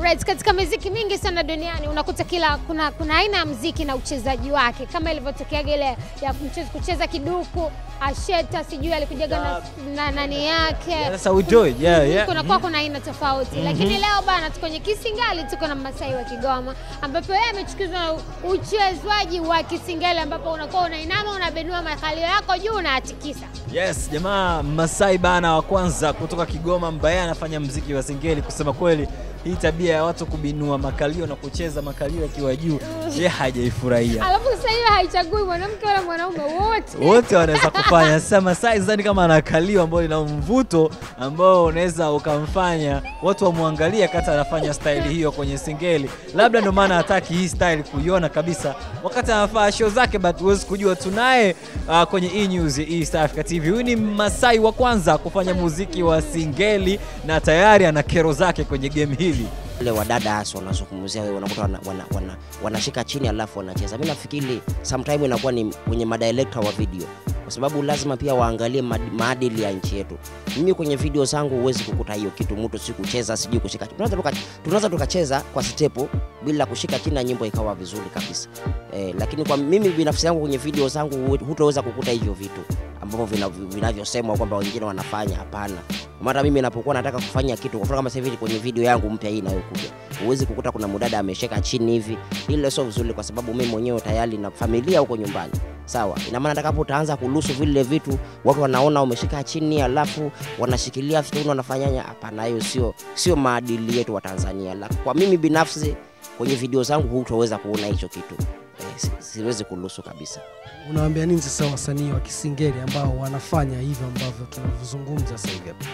Alright, katika miziki mingi sana duniani unakuta kila kuna, kuna aina ya mziki na uchezaji wake kama ilivyotokea ile ya mchezo kucheza kiduku Asheta sijui alikujaga na, na nani yake yeah, yeah. kunakuwa mm-hmm, kuna mm-hmm. aina tofauti mm -hmm. Lakini leo bana tuko kwenye Kisingali, tuko na Masai wa Kigoma ambapo yeye amechukizwa na uchezwaji wa Kisingali ambapo unakuwa unainama unabenua makalio yako juu unaatikisa. Yes, jamaa Masai bana wa kwanza kutoka Kigoma ambaye anafanya mziki wa Singeli, kusema kweli hii tabia tabia ya watu kubinua makalio na kucheza makalio akiwa juu, ye hajaifurahia. Alafu sasa hiyo haichagui mwanamke wala mwanaume, wote wote wanaweza kufanya. Sasa Masai sidhani kama anakalio kalio ambao lina mvuto ambao unaweza ukamfanya watu wamwangalie kata anafanya staili hiyo kwenye singeli, labda ndio maana hataki hii staili kuiona kabisa wakati anafaa show zake, but huwezi kujua. Tunaye uh, kwenye E News ya East Africa TV, huyu ni Masai wa kwanza kufanya muziki wa singeli na tayari ana kero zake kwenye game hili wale wadada hasa wanazungumzia wewe, unakuta wanashika wana, wana, wana chini alafu wanacheza. Mimi nafikiri sometime inakuwa ni kwenye madirector wa video, kwa sababu lazima pia waangalie maadili ya nchi yetu. Mimi kwenye video zangu huwezi kukuta hiyo kitu, mtu si kucheza sijui kushika. Tunaweza tukacheza kwa stepu bila kushika chini na nyimbo ikawa vizuri kabisa eh, lakini kwa mimi binafsi yangu kwenye video zangu hutoweza kukuta hivyo vitu ambavyo vinavyosemwa kwamba wengine wanafanya. Hapana, mara mimi napokuwa nataka kufanya kitu, kwa kama sasa hivi kwenye video yangu mpya hii inayokuja, huwezi kukuta kuna mudada amesheka chini hivi. Ile sio vizuri, kwa sababu mimi mwenyewe tayari na familia huko nyumbani. Sawa, ina maana atakapo utaanza kuruhusu vile vitu, watu wanaona umeshika chini, alafu wanashikilia vitu wanafanyanya. Hapana, hiyo sio sio maadili yetu wa Tanzania. La, kwa mimi binafsi kwenye video zangu hutoweza kuona hicho kitu siwezi kuruhusu kabisa. Unawaambia nini sasa wasanii wa Kisingeli ambao wanafanya hivyo ambavyo tunavyozungumza sasa hivi hapa?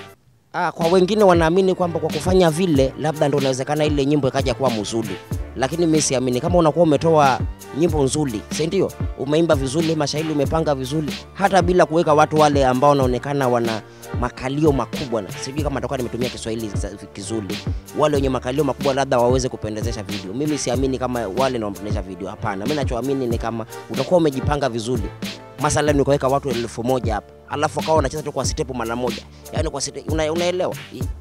Ah, kwa wengine wanaamini kwamba kwa kufanya vile labda ndio inawezekana ile nyimbo ikaja kuwa mzuri lakini mimi siamini kama unakuwa umetoa nyimbo nzuri, si ndio? Umeimba vizuri, mashairi umepanga vizuri, hata bila kuweka watu wale ambao wanaonekana wana makalio makubwa, na sijui kama atakuwa nimetumia Kiswahili kizuri, wale wenye makalio makubwa labda waweze kupendezesha video. Mimi siamini kama wale ndio wanapendezesha video, hapana. Mimi nachoamini ni kama utakuwa umejipanga vizuri masala ni kuweka watu elfu moja hapa alafu akawa anacheza tu kwa step mara moja, yani kwa step, una, unaelewa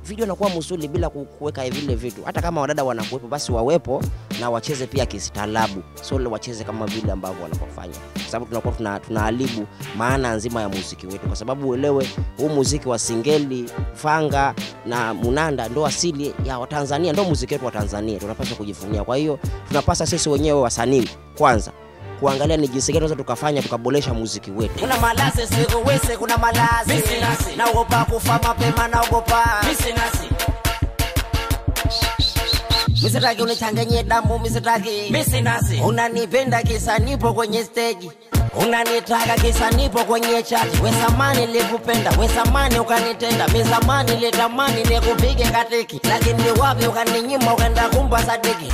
video inakuwa msuli bila kuweka vile vitu. Hata kama wadada wanakuwepo, basi wawepo na wacheze pia kistaarabu, sio wacheze kama vile ambavyo wanapofanya, kwa sababu tunakuwa tuna, tunaharibu maana nzima ya muziki wetu, kwa sababu uelewe, huu muziki wa singeli, fanga na munanda ndo asili ya Watanzania, ndo muziki wetu wa Tanzania, tunapaswa kujifunia Kwa hiyo tunapasa sisi wenyewe wasanii kwanza kuangalia ni jinsi gani tunaweza tukafanya tukaboresha muziki wetu. Kuna malazi sikuwezi, kuna malazi naogopa kufa mapema, naogopa misitaki unichanganye damu, misitaki unanipenda kisa nipo kwenye unanitaka kisa nipo kwenye chati. We likupenda, we ukanitenda, mi litamani nikupige katiki, lakini wapi ukaninyima, ukaenda sadiki